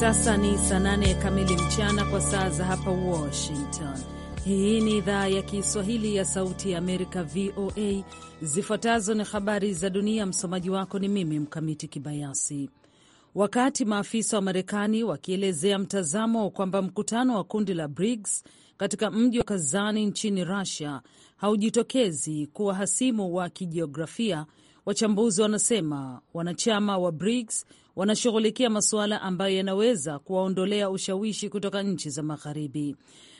Sasa ni saa nane kamili mchana kwa saa za hapa Washington. Hii ni idhaa ya Kiswahili ya Sauti ya Amerika, VOA. Zifuatazo ni habari za dunia. Msomaji wako ni mimi Mkamiti Kibayasi. Wakati maafisa wa Marekani wakielezea mtazamo kwamba mkutano wa kundi la BRICS katika mji wa Kazani nchini Russia haujitokezi kuwa hasimu wa kijiografia, wachambuzi wanasema wanachama wa BRICS wanashughulikia masuala ambayo yanaweza kuwaondolea ushawishi kutoka nchi za Magharibi.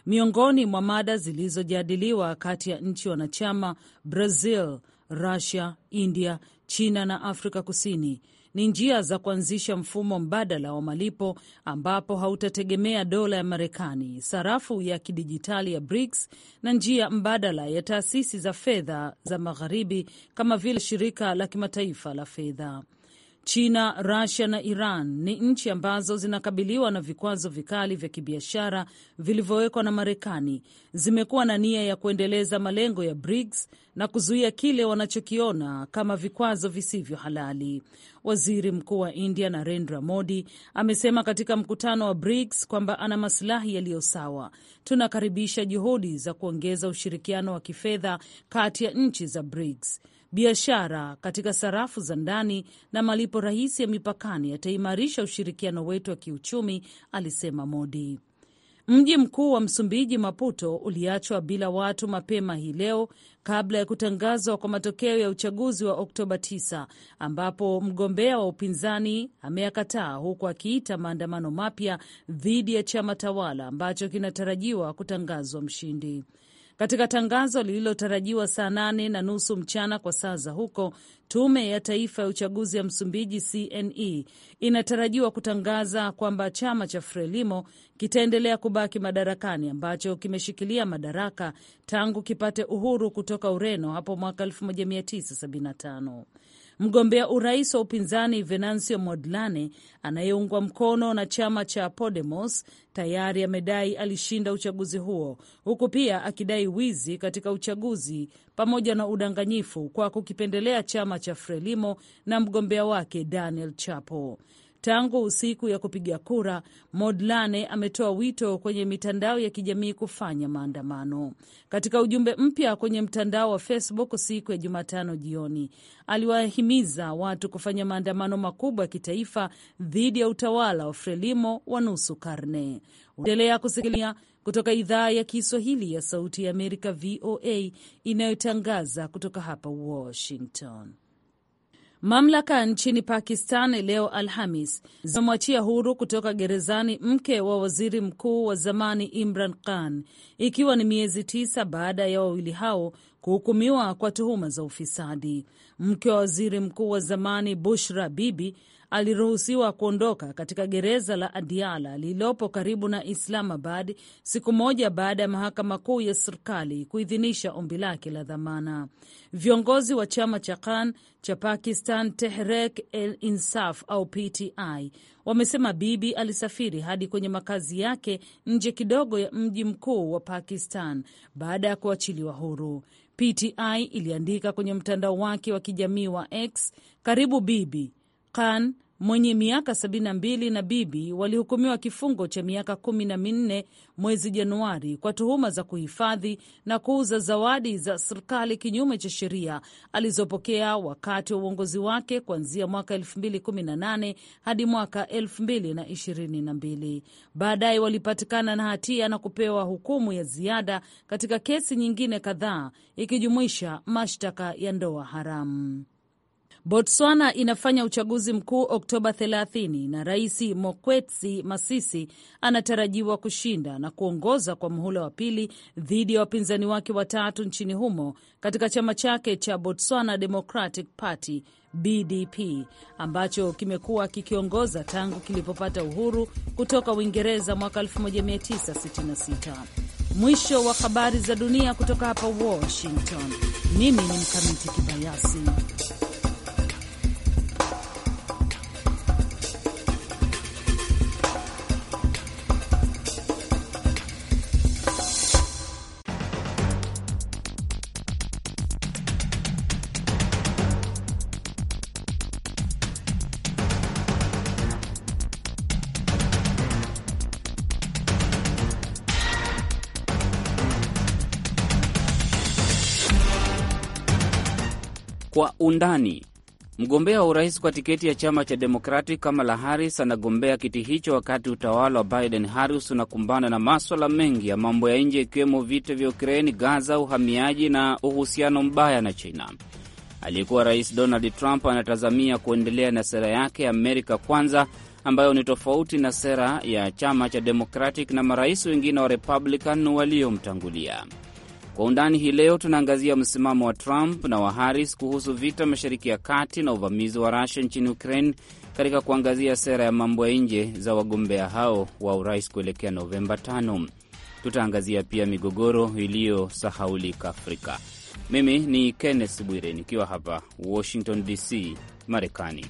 Miongoni mwa mada zilizojadiliwa kati ya nchi wanachama Brazil, Rusia, India, China na Afrika Kusini ni njia za kuanzisha mfumo mbadala wa malipo ambapo hautategemea dola ya Marekani, sarafu ya kidijitali ya BRICS na njia mbadala ya taasisi za fedha za magharibi kama vile shirika la kimataifa la fedha. China, rasia na Iran ni nchi ambazo zinakabiliwa na vikwazo vikali vya kibiashara vilivyowekwa na Marekani, zimekuwa na nia ya kuendeleza malengo ya BRICS na kuzuia kile wanachokiona kama vikwazo visivyo halali. Waziri Mkuu wa India Narendra Modi amesema katika mkutano wa BRICS kwamba ana masilahi yaliyo sawa. Tunakaribisha juhudi za kuongeza ushirikiano wa kifedha kati ya nchi za BRICS biashara katika sarafu za ndani na malipo rahisi ya mipakani yataimarisha ushirikiano wetu wa kiuchumi, alisema Modi. Mji mkuu wa Msumbiji, Maputo, uliachwa bila watu mapema hii leo kabla ya kutangazwa kwa matokeo ya uchaguzi wa Oktoba 9 ambapo mgombea wa upinzani ameyakataa huku akiita maandamano mapya dhidi ya chama tawala ambacho kinatarajiwa kutangazwa mshindi. Katika tangazo lililotarajiwa saa nane na nusu mchana kwa saa za huko, tume ya taifa ya uchaguzi ya Msumbiji CNE inatarajiwa kutangaza kwamba chama cha Frelimo kitaendelea kubaki madarakani, ambacho kimeshikilia madaraka tangu kipate uhuru kutoka Ureno hapo mwaka 1975. Mgombea urais wa upinzani Venancio Modlane anayeungwa mkono na chama cha Podemos tayari amedai alishinda uchaguzi huo huku pia akidai wizi katika uchaguzi pamoja na udanganyifu kwa kukipendelea chama cha Frelimo na mgombea wake Daniel Chapo. Tangu usiku ya kupiga kura, Modlane ametoa wito kwenye mitandao ya kijamii kufanya maandamano. Katika ujumbe mpya kwenye mtandao wa Facebook siku ya Jumatano jioni, aliwahimiza watu kufanya maandamano makubwa ya kitaifa dhidi ya utawala wa Frelimo wa nusu karne. Endelea kusikilia kutoka idhaa ya Kiswahili ya Sauti ya Amerika, VOA, inayotangaza kutoka hapa Washington. Mamlaka nchini Pakistan leo Alhamis zimemwachia huru kutoka gerezani mke wa waziri mkuu wa zamani Imran Khan, ikiwa ni miezi tisa baada ya wawili hao kuhukumiwa kwa tuhuma za ufisadi. Mke wa waziri mkuu wa zamani Bushra Bibi aliruhusiwa kuondoka katika gereza la Adiala lililopo karibu na Islamabad siku moja baada ya mahakama kuu ya serikali kuidhinisha ombi lake la dhamana. Viongozi wa chama cha Khan cha Pakistan tehrek el insaf au PTI wamesema Bibi alisafiri hadi kwenye makazi yake nje kidogo ya mji mkuu wa Pakistan baada ya kuachiliwa huru. PTI iliandika kwenye mtandao wake wa kijamii wa X, karibu Bibi, Khan mwenye miaka 72 na bibi walihukumiwa kifungo cha miaka kumi na minne mwezi Januari kwa tuhuma za kuhifadhi na kuuza zawadi za serikali kinyume cha sheria alizopokea wakati wa uongozi wake kuanzia mwaka 2018 hadi mwaka 2022. Baadaye walipatikana na hatia na kupewa hukumu ya ziada katika kesi nyingine kadhaa ikijumuisha mashtaka ya ndoa haramu. Botswana inafanya uchaguzi mkuu Oktoba 30 na Rais mokwetsi Masisi anatarajiwa kushinda na kuongoza kwa muhula wa pili dhidi ya wapinzani wake watatu nchini humo katika chama chake cha Botswana Democratic Party BDP ambacho kimekuwa kikiongoza tangu kilipopata uhuru kutoka Uingereza mwaka 1966. Mwisho wa habari za dunia kutoka hapa Washington. Mimi ni Mkamiti Kibayasi. undani. Mgombea wa urais kwa tiketi ya chama cha Demokrati Kamala Harris anagombea kiti hicho wakati utawala wa Biden Harris unakumbana na maswala mengi ya mambo ya nje, ikiwemo vita vya Ukraini, Gaza, uhamiaji na uhusiano mbaya na China. Aliyekuwa rais Donald Trump anatazamia kuendelea na sera yake ya Amerika Kwanza, ambayo ni tofauti na sera ya chama cha Democratic na marais wengine wa Republican waliomtangulia. Kwa undani hii leo tunaangazia msimamo wa Trump na wa Harris kuhusu vita Mashariki ya Kati na uvamizi wa Rusia nchini Ukraine katika kuangazia sera ya mambo ya nje za wagombea hao wa urais kuelekea Novemba 5. Tutaangazia pia migogoro iliyosahaulika Afrika. Mimi ni Kenneth Bwire nikiwa hapa Washington DC, Marekani.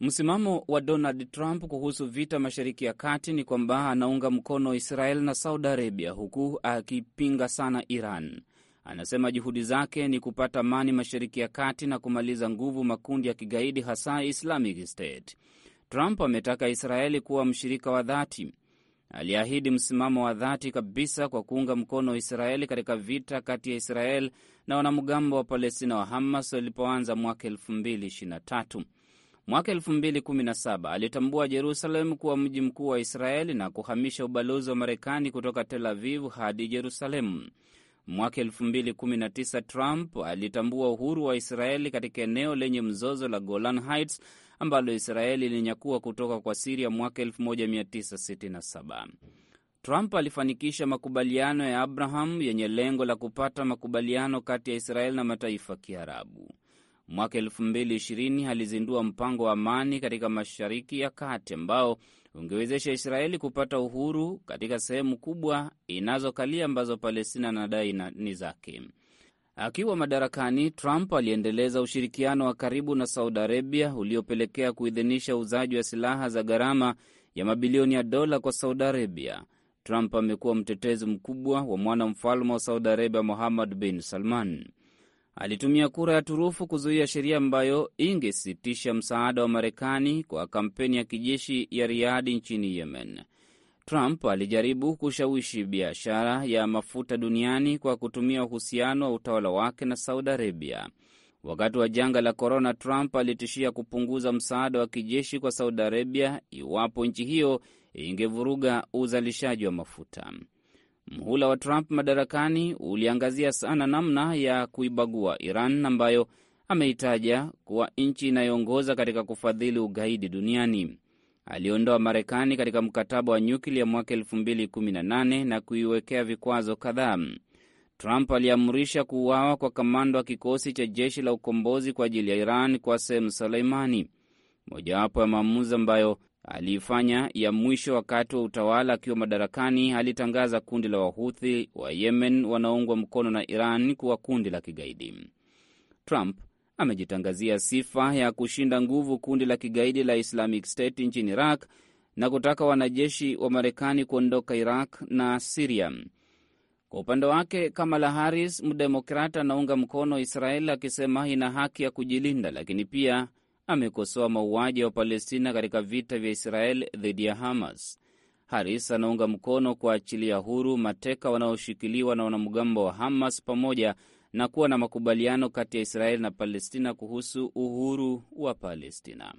Msimamo wa Donald Trump kuhusu vita Mashariki ya Kati ni kwamba anaunga mkono Israel na Saudi Arabia, huku akipinga sana Iran. Anasema juhudi zake ni kupata amani Mashariki ya Kati na kumaliza nguvu makundi ya kigaidi, hasa Islamic State. Trump ametaka Israeli kuwa mshirika wa dhati. Aliahidi msimamo wa dhati kabisa kwa kuunga mkono Israeli katika vita kati ya Israel na wanamgambo wa Palestina wa Hamas walipoanza mwaka 2023. Mwaka 2017 alitambua Jerusalem kuwa mji mkuu wa Israeli na kuhamisha ubalozi wa Marekani kutoka Tel Aviv hadi Jerusalemu. Mwaka 2019 Trump alitambua uhuru wa Israeli katika eneo lenye mzozo la Golan Heights ambalo Israeli ilinyakua kutoka kwa Siria mwaka 1967. Trump alifanikisha makubaliano ya Abraham yenye lengo la kupata makubaliano kati ya Israeli na mataifa Kiarabu mwaka 2020 alizindua mpango wa amani katika Mashariki ya Kati ambao ungewezesha Israeli kupata uhuru katika sehemu kubwa inazokalia ambazo Palestina na ni zake. Akiwa madarakani, Trump aliendeleza ushirikiano wa karibu na Saudi Arabia uliopelekea kuidhinisha uuzaji wa silaha za gharama ya mabilioni ya dola kwa Saudi Arabia. Trump amekuwa mtetezi mkubwa wa mwanamfalme wa Saudi Arabia Muhammad bin Salman alitumia kura ya turufu kuzuia sheria ambayo ingesitisha msaada wa Marekani kwa kampeni ya kijeshi ya Riadi nchini Yemen. Trump alijaribu kushawishi biashara ya mafuta duniani kwa kutumia uhusiano wa utawala wake na Saudi Arabia. Wakati wa janga la korona, Trump alitishia kupunguza msaada wa kijeshi kwa Saudi Arabia iwapo nchi hiyo ingevuruga uzalishaji wa mafuta. Mhula wa Trump madarakani uliangazia sana namna ya kuibagua Iran ambayo ameitaja kuwa nchi inayoongoza katika kufadhili ugaidi duniani. Aliondoa Marekani katika mkataba wa nyuklia mwaka 2018 na kuiwekea vikwazo kadhaa. Trump aliamrisha kuuawa kwa kamanda wa kikosi cha jeshi la ukombozi kwa ajili ya Iran, Qasem Soleimani, mojawapo ya maamuzi ambayo aliifanya ya mwisho wakati wa utawala akiwa madarakani, alitangaza kundi la Wahuthi wa Yemen wanaoungwa mkono na Iran kuwa kundi la kigaidi. Trump amejitangazia sifa ya kushinda nguvu kundi la kigaidi la Islamic State nchini Iraq na kutaka wanajeshi wa Marekani kuondoka Iraq na Siria. Kwa upande wake, Kamala Harris, mdemokrat anaunga mkono Israel akisema ina haki ya kujilinda, lakini pia amekosoa mauaji ya Wapalestina katika vita vya Israel dhidi ya Hamas. Haris anaunga mkono kuachilia huru mateka wanaoshikiliwa na wanamgambo wa Hamas pamoja na kuwa na makubaliano kati ya Israeli na Palestina kuhusu uhuru wa Palestina.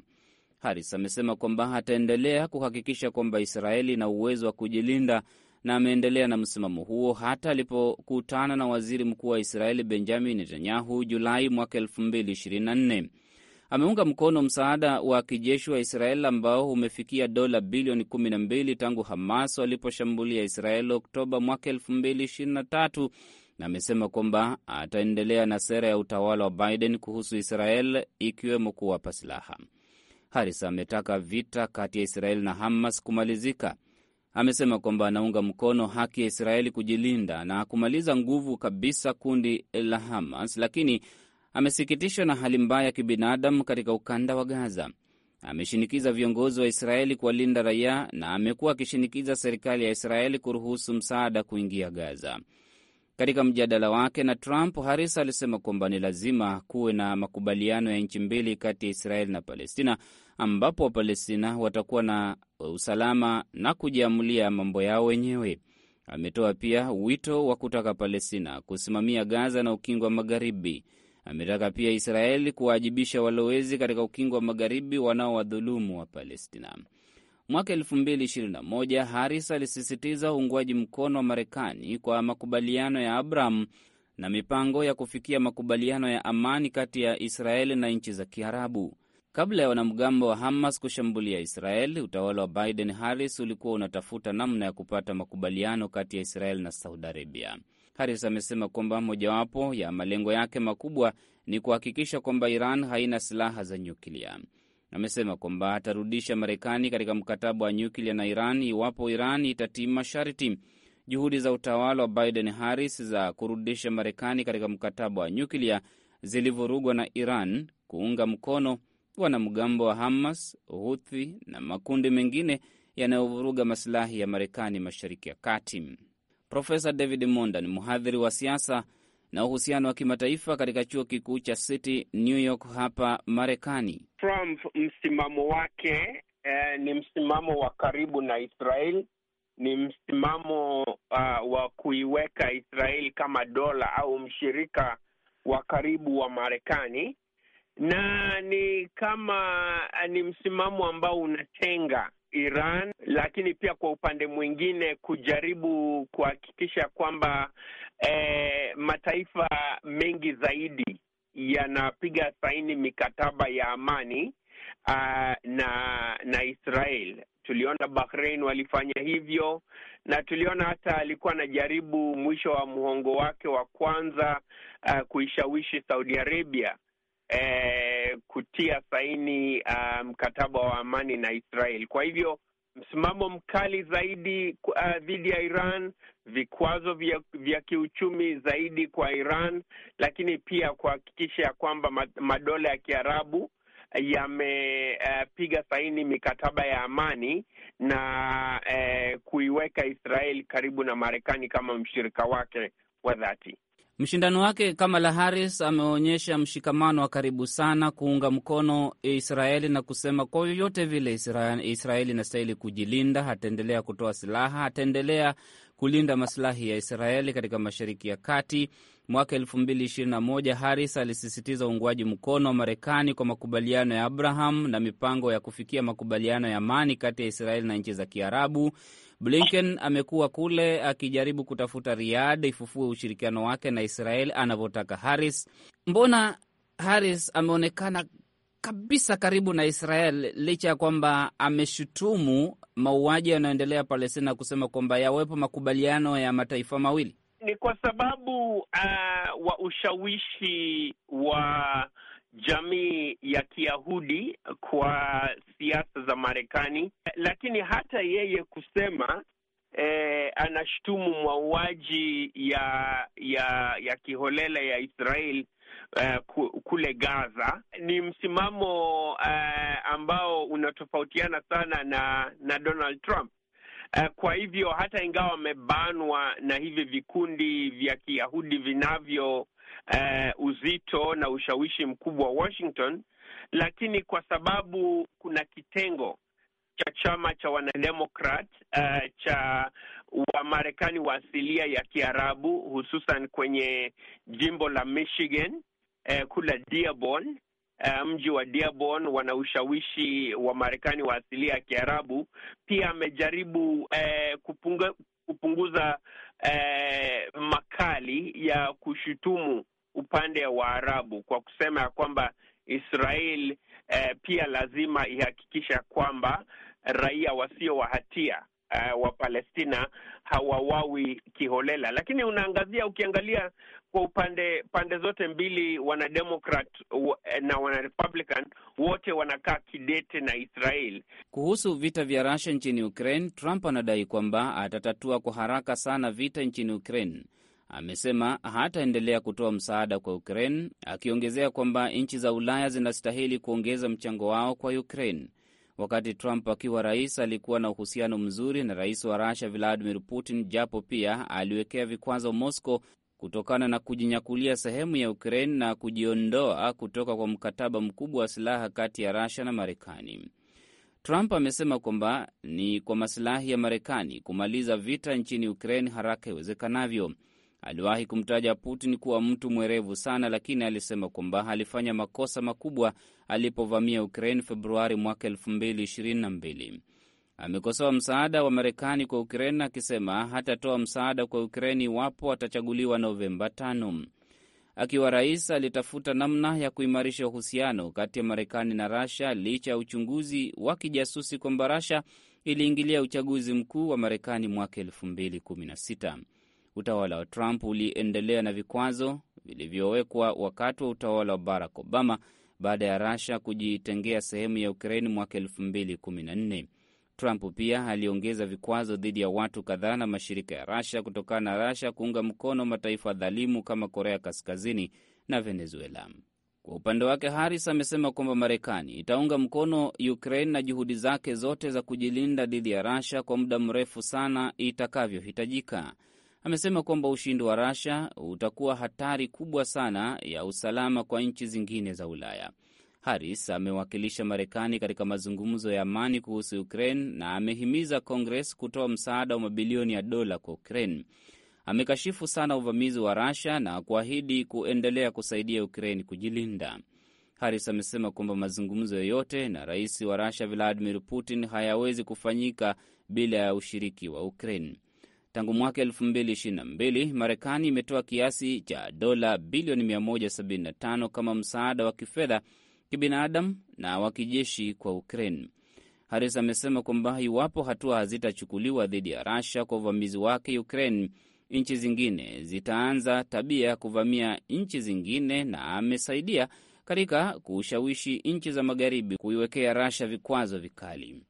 Haris amesema kwamba ataendelea kuhakikisha kwamba Israeli ina uwezo wa kujilinda na ameendelea na msimamo huo hata alipokutana na waziri mkuu wa Israeli Benjamin Netanyahu Julai mwaka 2024 ameunga mkono msaada wa kijeshi wa Israel ambao umefikia dola bilioni 12 tangu Hamas waliposhambulia Israel Oktoba mwaka 2023 na amesema kwamba ataendelea na sera ya utawala wa Biden kuhusu Israel ikiwemo kuwapa silaha. Haris ametaka vita kati ya Israel na Hamas kumalizika. Amesema kwamba anaunga mkono haki ya Israeli kujilinda na kumaliza nguvu kabisa kundi la Hamas, lakini amesikitishwa na hali mbaya ya kibinadamu katika ukanda wa Gaza. Ameshinikiza viongozi wa Israeli kuwalinda raia na amekuwa akishinikiza serikali ya Israeli kuruhusu msaada kuingia Gaza. Katika mjadala wake na Trump, haris alisema kwamba ni lazima kuwe na makubaliano ya nchi mbili kati ya Israeli na Palestina, ambapo Wapalestina watakuwa na usalama na kujiamulia mambo yao wenyewe. Ametoa pia wito wa kutaka Palestina kusimamia Gaza na Ukingo wa Magharibi. Ametaka pia Israeli kuwaajibisha walowezi katika ukingo wa magharibi wanaowadhulumu wa Palestina. Mwaka 2021 haris alisisitiza uungwaji mkono wa Marekani kwa makubaliano ya Abraham na mipango ya kufikia makubaliano ya amani kati ya Israeli na nchi za Kiarabu. Kabla ya wanamgambo wa Hamas kushambulia Israeli, utawala wa Biden Harris ulikuwa unatafuta namna ya kupata makubaliano kati ya Israeli na Saudi Arabia haris amesema kwamba mojawapo ya malengo yake makubwa ni kuhakikisha kwamba Iran haina silaha za nyuklia. Amesema kwamba atarudisha Marekani katika mkataba wa nyuklia na Iran iwapo Iran itatii masharti. Juhudi za utawala wa Biden Harris za kurudisha Marekani katika mkataba wa nyuklia zilivurugwa na Iran kuunga mkono wanamgambo wa Hamas, Huthi na makundi mengine yanayovuruga masilahi ya Marekani mashariki ya kati. Profesa David Monda ni mhadhiri wa siasa na uhusiano wa kimataifa katika chuo kikuu cha City New York hapa Marekani. Trump msimamo wake eh, ni msimamo wa karibu na Israel, ni msimamo uh, wa kuiweka Israel kama dola au mshirika wa karibu wa Marekani, na ni kama ni msimamo ambao unatenga Iran, lakini pia kwa upande mwingine kujaribu kuhakikisha kwamba eh, mataifa mengi zaidi yanapiga saini mikataba ya amani uh, na na Israel. Tuliona Bahrain walifanya hivyo, na tuliona hata alikuwa anajaribu mwisho wa mhongo wake wa kwanza uh, kuishawishi Saudi Arabia eh, kutia saini uh, mkataba um, wa amani na Israel. Kwa hivyo msimamo mkali zaidi uh, dhidi ya Iran, vikwazo vya, vya kiuchumi zaidi kwa Iran, lakini pia kuhakikisha ya kwamba madola ya Kiarabu yamepiga uh, saini mikataba ya amani na uh, kuiweka Israel karibu na Marekani kama mshirika wake wa dhati. Mshindani wake Kamala Harris ameonyesha mshikamano wa karibu sana kuunga mkono Israeli na kusema kwa vyovyote vile Israeli inastahili kujilinda, ataendelea kutoa silaha, ataendelea kulinda masilahi ya Israeli katika Mashariki ya Kati. Mwaka 2021 Harris alisisitiza uungwaji mkono wa Marekani kwa makubaliano ya Abraham na mipango ya kufikia makubaliano ya amani kati ya Israeli na nchi za Kiarabu Blinken amekuwa kule akijaribu kutafuta riad ifufue ushirikiano wake na Israel anavyotaka Harris. Mbona Harris ameonekana kabisa karibu na Israel licha ya kwamba ameshutumu mauaji yanayoendelea Palestina, kusema kwamba yawepo makubaliano ya mataifa mawili? Ni kwa sababu uh, wa ushawishi wa jamii ya Kiyahudi kwa siasa za Marekani, lakini hata yeye kusema eh, anashutumu mauaji ya ya ya kiholela ya Israel eh, kule Gaza ni msimamo eh, ambao unatofautiana sana na na Donald Trump. Eh, kwa hivyo hata ingawa wamebanwa na hivi vikundi vya Kiyahudi vinavyo uh, uzito na ushawishi mkubwa wa Washington, lakini kwa sababu kuna kitengo cha chama cha wanademokrat uh, cha Wamarekani wa asilia ya Kiarabu hususan kwenye jimbo la Michigan uh, eh, kula Dearborn mji wa Dearborn wana ushawishi wa Marekani wa asilia ya Kiarabu. Pia amejaribu eh, kupunga, kupunguza eh, makali ya kushutumu upande wa Arabu kwa kusema ya kwamba Israel eh, pia lazima ihakikisha kwamba raia wasio wa hatia eh, wa Palestina hawawawi kiholela, lakini unaangazia ukiangalia kwa upande pande zote mbili, wanademokrat eh, na wanarepublican wote wanakaa kidete na Israel. Kuhusu vita vya Russia nchini Ukraine, Trump anadai kwamba atatatua kwa haraka sana vita nchini Ukraine amesema hataendelea kutoa msaada kwa Ukraine, akiongezea kwamba nchi za Ulaya zinastahili kuongeza mchango wao kwa Ukraine. Wakati Trump akiwa rais, alikuwa na uhusiano mzuri na rais wa Russia Vladimir Putin, japo pia aliwekea vikwazo Moscow kutokana na kujinyakulia sehemu ya Ukraine na kujiondoa kutoka kwa mkataba mkubwa wa silaha kati ya rasha na Marekani. Trump amesema kwamba ni kwa masilahi ya Marekani kumaliza vita nchini Ukraine haraka iwezekanavyo. Aliwahi kumtaja Putin kuwa mtu mwerevu sana, lakini alisema kwamba alifanya makosa makubwa alipovamia Ukraine Februari mwaka 222 Amekosoa msaada wa Marekani kwa Ukraine akisema hatatoa msaada kwa Ukraine iwapo atachaguliwa Novemba 5. Akiwa rais, alitafuta namna ya kuimarisha uhusiano kati ya Marekani na Rasha licha ya uchunguzi wa kijasusi kwamba Rasha iliingilia uchaguzi mkuu wa Marekani mwaka 2016. Utawala wa Trump uliendelea na vikwazo vilivyowekwa wakati wa utawala wa Barack Obama baada ya rasha kujitengea sehemu ya ukrain mwaka elfu mbili kumi na nne. Trump pia aliongeza vikwazo dhidi ya watu kadhaa na mashirika ya rasha kutokana na Russia kuunga mkono mataifa dhalimu kama Korea Kaskazini na Venezuela. Kwa upande wake, Harris amesema kwamba Marekani itaunga mkono Ukraine na juhudi zake zote za kujilinda dhidi ya rasha kwa muda mrefu sana itakavyohitajika amesema kwamba ushindi wa Russia utakuwa hatari kubwa sana ya usalama kwa nchi zingine za Ulaya. Harris amewakilisha Marekani katika mazungumzo ya amani kuhusu Ukraine na amehimiza Congress kutoa msaada wa mabilioni ya dola kwa Ukraine. Amekashifu sana uvamizi wa Russia na kuahidi kuendelea kusaidia Ukraine kujilinda. Harris amesema kwamba mazungumzo yoyote na rais wa Russia Vladimir Putin hayawezi kufanyika bila ya ushiriki wa Ukraine. Tangu mwaka 2022 Marekani imetoa kiasi cha dola bilioni 175 kama msaada wa kifedha, kibinadamu na wa kijeshi kwa Ukraine. Haris amesema kwamba iwapo hatua hazitachukuliwa dhidi ya rasha kwa uvamizi wake Ukraine, nchi zingine zitaanza tabia ya kuvamia nchi zingine, na amesaidia katika kushawishi nchi za magharibi kuiwekea rasha vikwazo vikali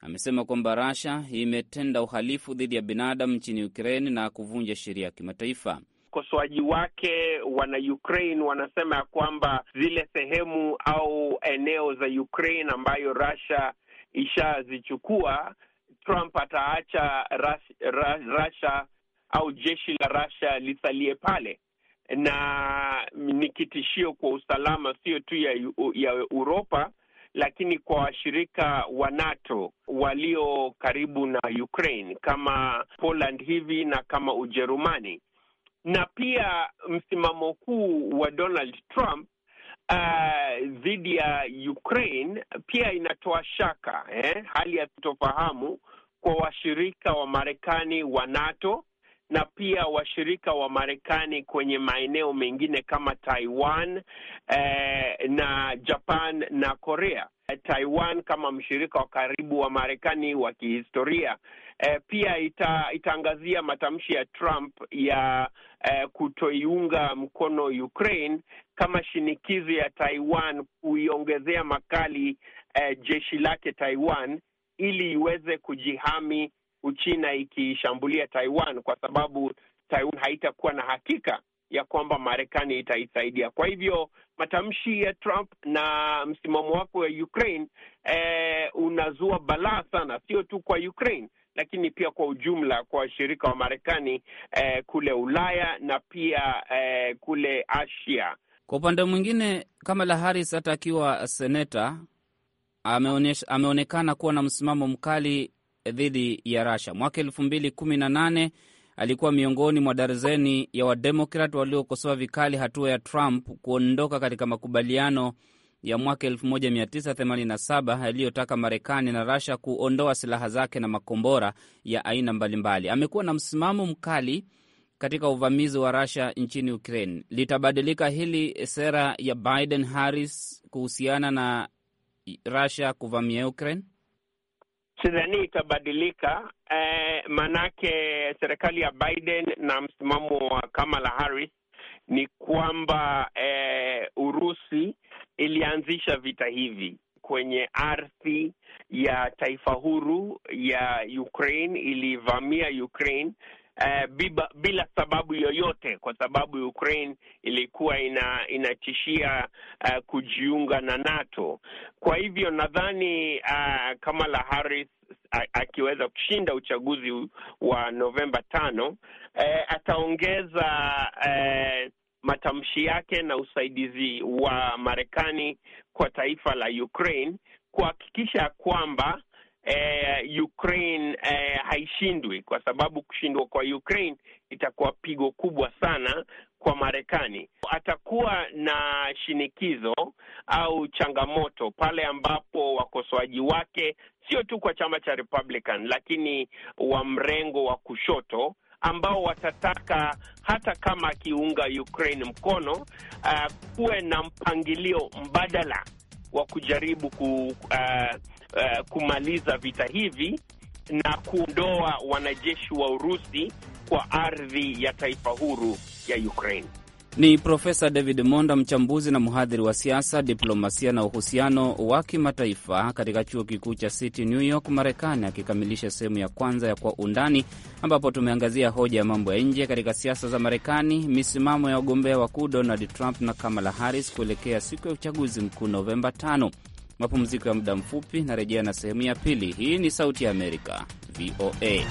amesema kwamba Rasha imetenda uhalifu dhidi ya binadamu nchini Ukraine na kuvunja sheria ya kimataifa. Ukosoaji wake wana Ukraine wanasema ya kwamba zile sehemu au eneo za Ukraine ambayo Russia ishazichukua, Trump ataacha Russia au jeshi la Russia lisalie pale, na ni kitishio kwa usalama sio tu ya Uropa lakini kwa washirika wa NATO walio karibu na Ukraine kama Poland hivi na kama Ujerumani. Na pia msimamo kuu wa Donald Trump uh, dhidi ya Ukraine pia inatoa shaka eh, hali ya kutofahamu kwa washirika wa Marekani wa NATO na pia washirika wa Marekani kwenye maeneo mengine kama Taiwan eh, na Japan na Korea. Taiwan kama mshirika wa karibu wa Marekani wa kihistoria eh, pia ita, itaangazia matamshi ya Trump ya eh, kutoiunga mkono Ukraine kama shinikizo ya Taiwan kuiongezea makali eh, jeshi lake Taiwan ili iweze kujihami Uchina ikishambulia Taiwan, kwa sababu Taiwan haitakuwa na hakika ya kwamba Marekani itaisaidia. Kwa hivyo matamshi ya Trump na msimamo wake wa Ukraine eh, unazua balaa sana, sio tu kwa Ukraine lakini pia kwa ujumla kwa washirika wa Marekani eh, kule Ulaya na pia eh, kule Asia. Kwa upande mwingine, Kamala Harris hata akiwa seneta ameonekana kuwa na msimamo mkali dhidi ya Rasha. Mwaka elfu mbili kumi na nane alikuwa miongoni mwa darzeni ya Wademokrat waliokosoa vikali hatua ya Trump kuondoka katika makubaliano ya mwaka 1987 yaliyotaka Marekani na Rasha kuondoa silaha zake na makombora ya aina mbalimbali. Amekuwa na msimamo mkali katika uvamizi wa Rasha nchini Ukraine. Litabadilika hili sera ya Biden Harris kuhusiana na Rasha kuvamia Ukraine? sidhani itabadilika eh, maanake serikali ya Biden na msimamo wa Kamala Harris ni kwamba eh, Urusi ilianzisha vita hivi kwenye ardhi ya taifa huru ya Ukraine, ilivamia Ukraine eh, biba, bila sababu yoyote, kwa sababu Ukraine ilikuwa ina, inatishia eh, kujiunga na NATO. Kwa hivyo nadhani eh, Kamala Harris akiweza kushinda uchaguzi wa Novemba tano, eh, ataongeza eh, matamshi yake na usaidizi wa Marekani kwa taifa la Ukraine kuhakikisha kwamba eh, Ukraine eh, haishindwi, kwa sababu kushindwa kwa Ukraine itakuwa pigo kubwa sana kwa Marekani. Atakuwa na shinikizo au changamoto pale ambapo wakosoaji wake sio tu kwa chama cha Republican, lakini wa mrengo wa kushoto ambao watataka hata kama akiunga Ukraine mkono uh, kuwe na mpangilio mbadala wa kujaribu ku, uh, uh, kumaliza vita hivi na kuondoa wanajeshi wa Urusi kwa ardhi ya taifa huru ya Ukraine. Ni Profesa David Monda, mchambuzi na mhadhiri wa siasa, diplomasia na uhusiano wa kimataifa katika chuo kikuu cha City New York, Marekani, akikamilisha sehemu ya kwanza ya Kwa Undani, ambapo tumeangazia hoja ya mambo ya nje katika siasa za Marekani, misimamo ya wagombea wakuu Donald Trump na Kamala Harris kuelekea siku ya uchaguzi mkuu Novemba 5. Mapumziko ya muda mfupi, narejea na sehemu ya pili. Hii ni Sauti ya Amerika, VOA.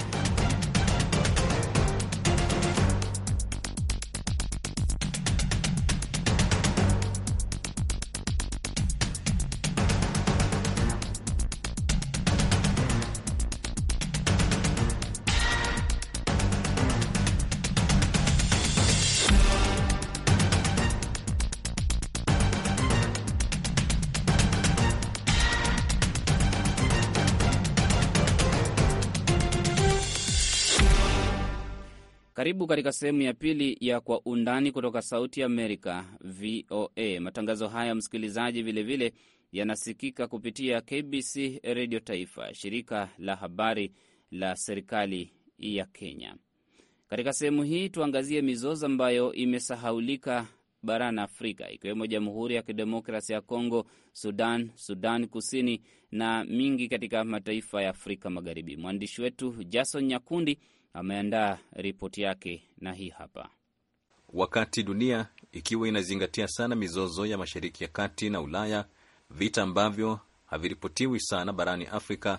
Karibu katika sehemu ya pili ya Kwa Undani kutoka Sauti Amerika, VOA. Matangazo haya msikilizaji, vilevile yanasikika kupitia KBC Redio Taifa, shirika la habari la serikali ya Kenya. Katika sehemu hii tuangazie mizozo ambayo imesahaulika barani Afrika, ikiwemo Jamhuri ya kidemokrasi ya Kongo, Sudan, Sudan Kusini na mingi katika mataifa ya Afrika Magharibi. Mwandishi wetu Jason Nyakundi ameandaa ripoti yake na hii hapa. Wakati dunia ikiwa inazingatia sana mizozo ya Mashariki ya Kati na Ulaya, vita ambavyo haviripotiwi sana barani Afrika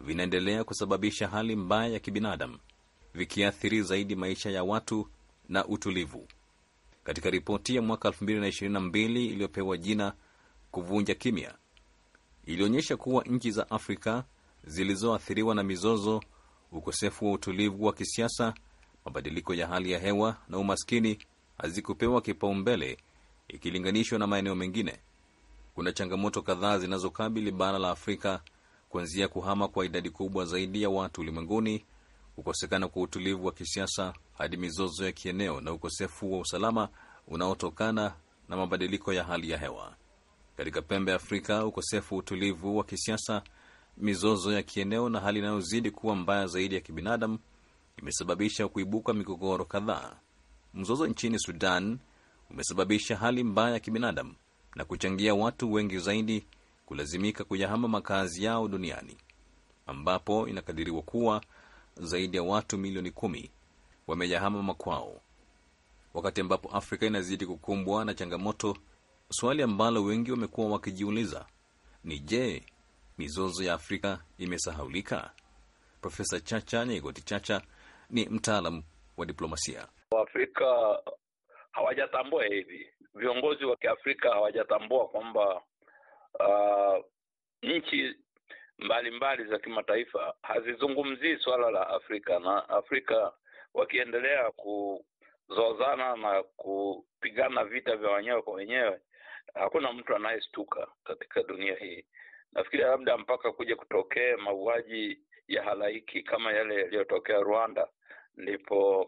vinaendelea kusababisha hali mbaya ya kibinadamu, vikiathiri zaidi maisha ya watu na utulivu. Katika ripoti ya mwaka 2022 iliyopewa jina Kuvunja Kimya, ilionyesha kuwa nchi za Afrika zilizoathiriwa na mizozo ukosefu wa utulivu wa kisiasa, mabadiliko ya hali ya hewa na umaskini hazikupewa kipaumbele ikilinganishwa na maeneo mengine. Kuna changamoto kadhaa zinazokabili bara la Afrika, kuanzia kuhama kwa idadi kubwa zaidi ya watu ulimwenguni, kukosekana kwa utulivu wa kisiasa, hadi mizozo ya kieneo na ukosefu wa usalama unaotokana na mabadiliko ya hali ya hewa. Katika pembe ya Afrika, ukosefu wa utulivu wa kisiasa mizozo ya kieneo na hali inayozidi kuwa mbaya zaidi ya kibinadamu imesababisha kuibuka migogoro kadhaa. Mzozo nchini Sudan umesababisha hali mbaya ya kibinadamu na kuchangia watu wengi zaidi kulazimika kuyahama makazi yao duniani, ambapo inakadiriwa kuwa zaidi ya watu milioni kumi wameyahama makwao. Wakati ambapo Afrika inazidi kukumbwa na changamoto, swali ambalo wengi wamekuwa wakijiuliza ni je, mizozo ya Afrika imesahaulika? Profesa Chacha Nyegoti Chacha ni mtaalam wa diplomasia. Waafrika hawajatambua hivi, viongozi wa Kiafrika hawajatambua kwamba uh, nchi mbalimbali za kimataifa hazizungumzii swala la Afrika na Afrika wakiendelea kuzozana na kupigana vita vya wenyewe kwa wenyewe, hakuna mtu anayestuka katika dunia hii nafikiri labda mpaka kuja kutokea mauaji ya halaiki kama yale yaliyotokea Rwanda ndipo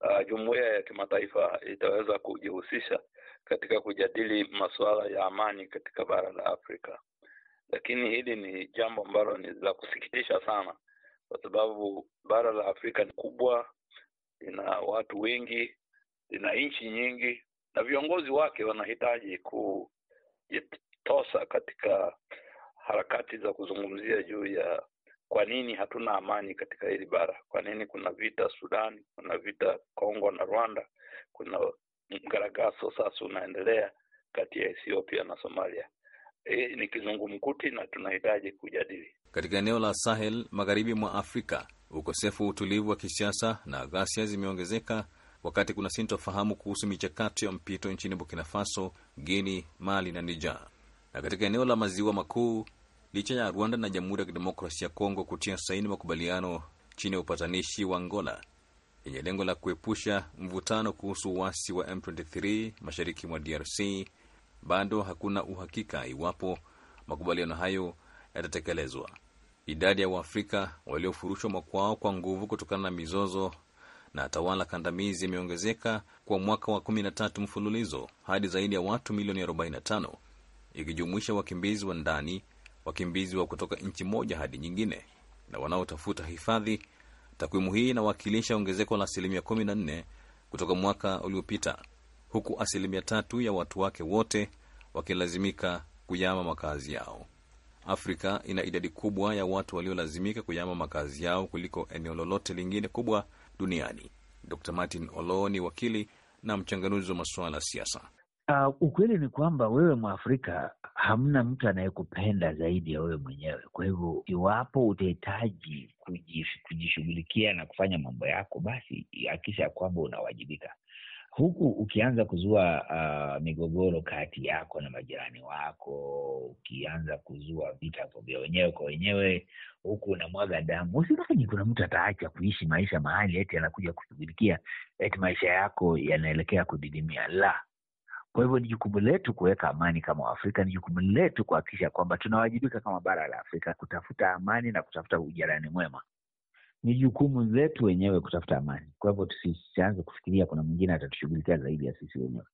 uh, jumuiya ya kimataifa itaweza kujihusisha katika kujadili masuala ya amani katika bara la Afrika. Lakini hili ni jambo ambalo ni la kusikitisha sana, kwa sababu bara la Afrika ni kubwa, lina watu wengi, lina nchi nyingi, na viongozi wake wanahitaji kujitosa katika harakati za kuzungumzia juu ya kwa nini hatuna amani katika hili bara, kwa nini kuna vita Sudani, kuna vita Kongo na Rwanda, kuna mgaragaso sasa unaendelea kati ya Ethiopia na Somalia. E, ni kizungumkuti na tunahitaji kujadili. Katika eneo la Sahel magharibi mwa Afrika, ukosefu wa utulivu wa kisiasa na ghasia zimeongezeka wakati kuna sintofahamu kuhusu michakato ya mpito nchini Burkina Faso, Guini, Mali na Niger. Na katika eneo la maziwa makuu licha ya Rwanda na Jamhuri ya Kidemokrasia ya Kongo kutia saini makubaliano chini ya upatanishi wa Angola yenye lengo la kuepusha mvutano kuhusu uasi wa M23 mashariki mwa DRC, bado hakuna uhakika iwapo makubaliano hayo yatatekelezwa. Idadi ya Waafrika waliofurushwa makwao kwa nguvu kutokana na mizozo na tawala kandamizi imeongezeka kwa mwaka wa 13 mfululizo hadi zaidi ya watu milioni 45 ikijumuisha wakimbizi wa ndani wakimbizi wa kutoka nchi moja hadi nyingine na wanaotafuta hifadhi. Takwimu hii inawakilisha ongezeko la asilimia 14 kutoka mwaka uliopita, huku asilimia tatu ya watu wake wote wakilazimika kuyama makazi yao. Afrika ina idadi kubwa ya watu waliolazimika kuyama makazi yao kuliko eneo lolote lingine kubwa duniani. Dr Martin olo ni wakili na mchanganuzi wa masuala ya siasa. Uh, ukweli ni kwamba wewe Mwafrika hamna mtu anayekupenda zaidi ya wewe mwenyewe. Kwa hivyo, iwapo utahitaji kujishughulikia na kufanya mambo yako, basi akisha ya kwamba unawajibika huku ukianza kuzua uh, migogoro kati yako na majirani wako, ukianza kuzua vita vya wenyewe kwa wenyewe, huku unamwaga damu. Usidhani kuna mtu ataacha kuishi maisha mahali eti anakuja kushughulikia eti maisha yako yanaelekea kudidimia. La, kwa hivyo ni jukumu letu kuweka amani kama Waafrika, ni jukumu letu kuhakikisha kwamba tunawajibika kama bara la Afrika kutafuta amani na kutafuta ujarani mwema. Ni jukumu letu wenyewe kutafuta amani. Kwa hivyo tusianze kufikiria kuna mwingine atatushughulikia zaidi ya sisi wenyewe.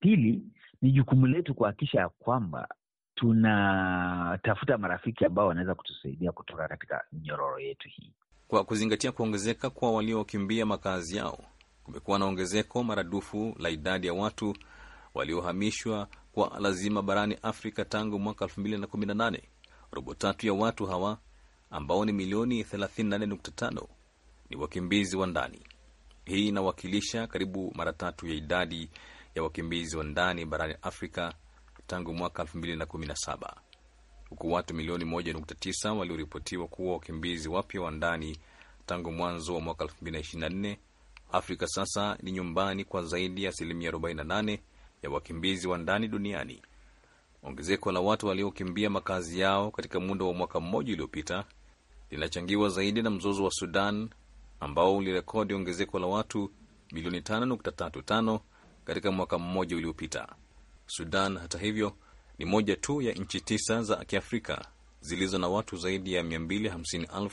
Pili, ni jukumu letu kuhakikisha ya kwamba tunatafuta marafiki ambao wanaweza kutusaidia kutoka katika minyororo yetu hii. Kwa kuzingatia kuongezeka kwa waliokimbia makazi yao, kumekuwa na ongezeko maradufu la idadi ya watu waliohamishwa kwa lazima barani Afrika tangu mwaka 2018. Robo tatu ya watu hawa ambao ni milioni 38.5 ni wakimbizi wa ndani. Hii inawakilisha karibu mara tatu ya idadi ya wakimbizi wa ndani barani Afrika tangu mwaka 2017, huku watu milioni 1.9 walioripotiwa kuwa wakimbizi wapya wa ndani tangu mwanzo wa mwaka 2024. Afrika sasa ni nyumbani kwa zaidi ya asilimia 48 ya wakimbizi wa ndani duniani. Ongezeko la watu waliokimbia makazi yao katika muda wa mwaka mmoja uliopita linachangiwa zaidi na mzozo wa Sudan ambao ulirekodi ongezeko la watu milioni 5.35 katika mwaka mmoja uliopita. Sudan, hata hivyo, ni moja tu ya nchi tisa za Kiafrika zilizo na watu zaidi ya 250,000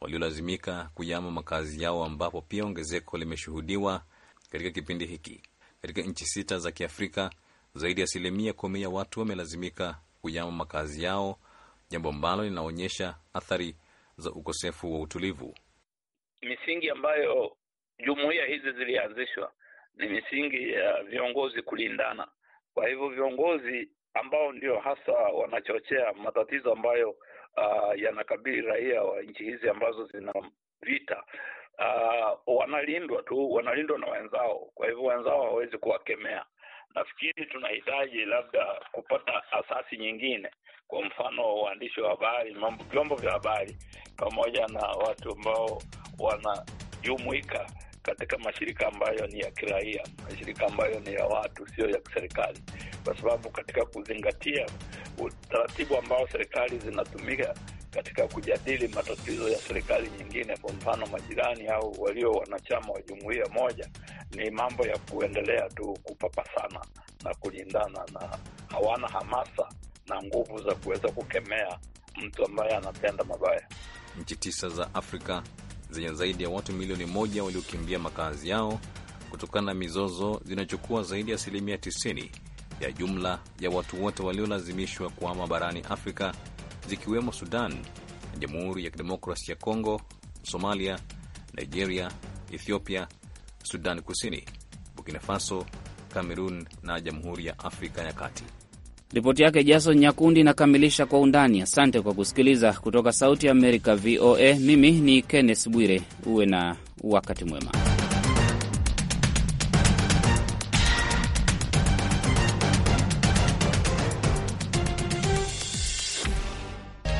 waliolazimika kuyama makazi yao, ambapo pia ongezeko limeshuhudiwa katika kipindi hiki. Katika nchi sita za Kiafrika, zaidi ya asilimia kumi ya watu wamelazimika kuyama makazi yao, jambo ambalo linaonyesha athari za ukosefu wa utulivu. Misingi ambayo jumuiya hizi zilianzishwa ni misingi ya viongozi kulindana. Kwa hivyo viongozi ambao ndio hasa wanachochea matatizo ambayo uh, yanakabili raia wa nchi hizi ambazo zina vita uh, wanalindwa tu, wanalindwa na wenzao. Kwa hivyo wenzao hawawezi kuwakemea. Nafikiri tunahitaji labda kupata asasi nyingine, kwa mfano waandishi wa habari, vyombo vya habari, pamoja na watu ambao wanajumuika katika mashirika ambayo ni ya kiraia, mashirika ambayo ni ya watu, sio ya serikali, kwa sababu katika kuzingatia utaratibu ambao serikali zinatumika katika kujadili matatizo ya serikali nyingine, kwa mfano majirani au walio wanachama wa jumuiya moja, ni mambo ya kuendelea tu kupapasana na kulindana, na hawana hamasa na nguvu za kuweza kukemea mtu ambaye anatenda mabaya. Nchi tisa za Afrika zenye zaidi ya watu milioni moja waliokimbia makazi yao kutokana na mizozo zinachukua zaidi ya asilimia 90 ya jumla ya watu wote waliolazimishwa kuhama barani Afrika zikiwemo Sudan, Jamhuri ya Kidemokrasi ya Kongo, Somalia, Nigeria, Ethiopia, Sudan Kusini, Burkina Faso, Kamerun na Jamhuri ya Afrika ya Kati. Ripoti yake Jason Nyakundi inakamilisha kwa undani. Asante kwa kusikiliza kutoka Sauti ya Amerika, VOA. Mimi ni Kenneth Bwire, uwe na wakati mwema.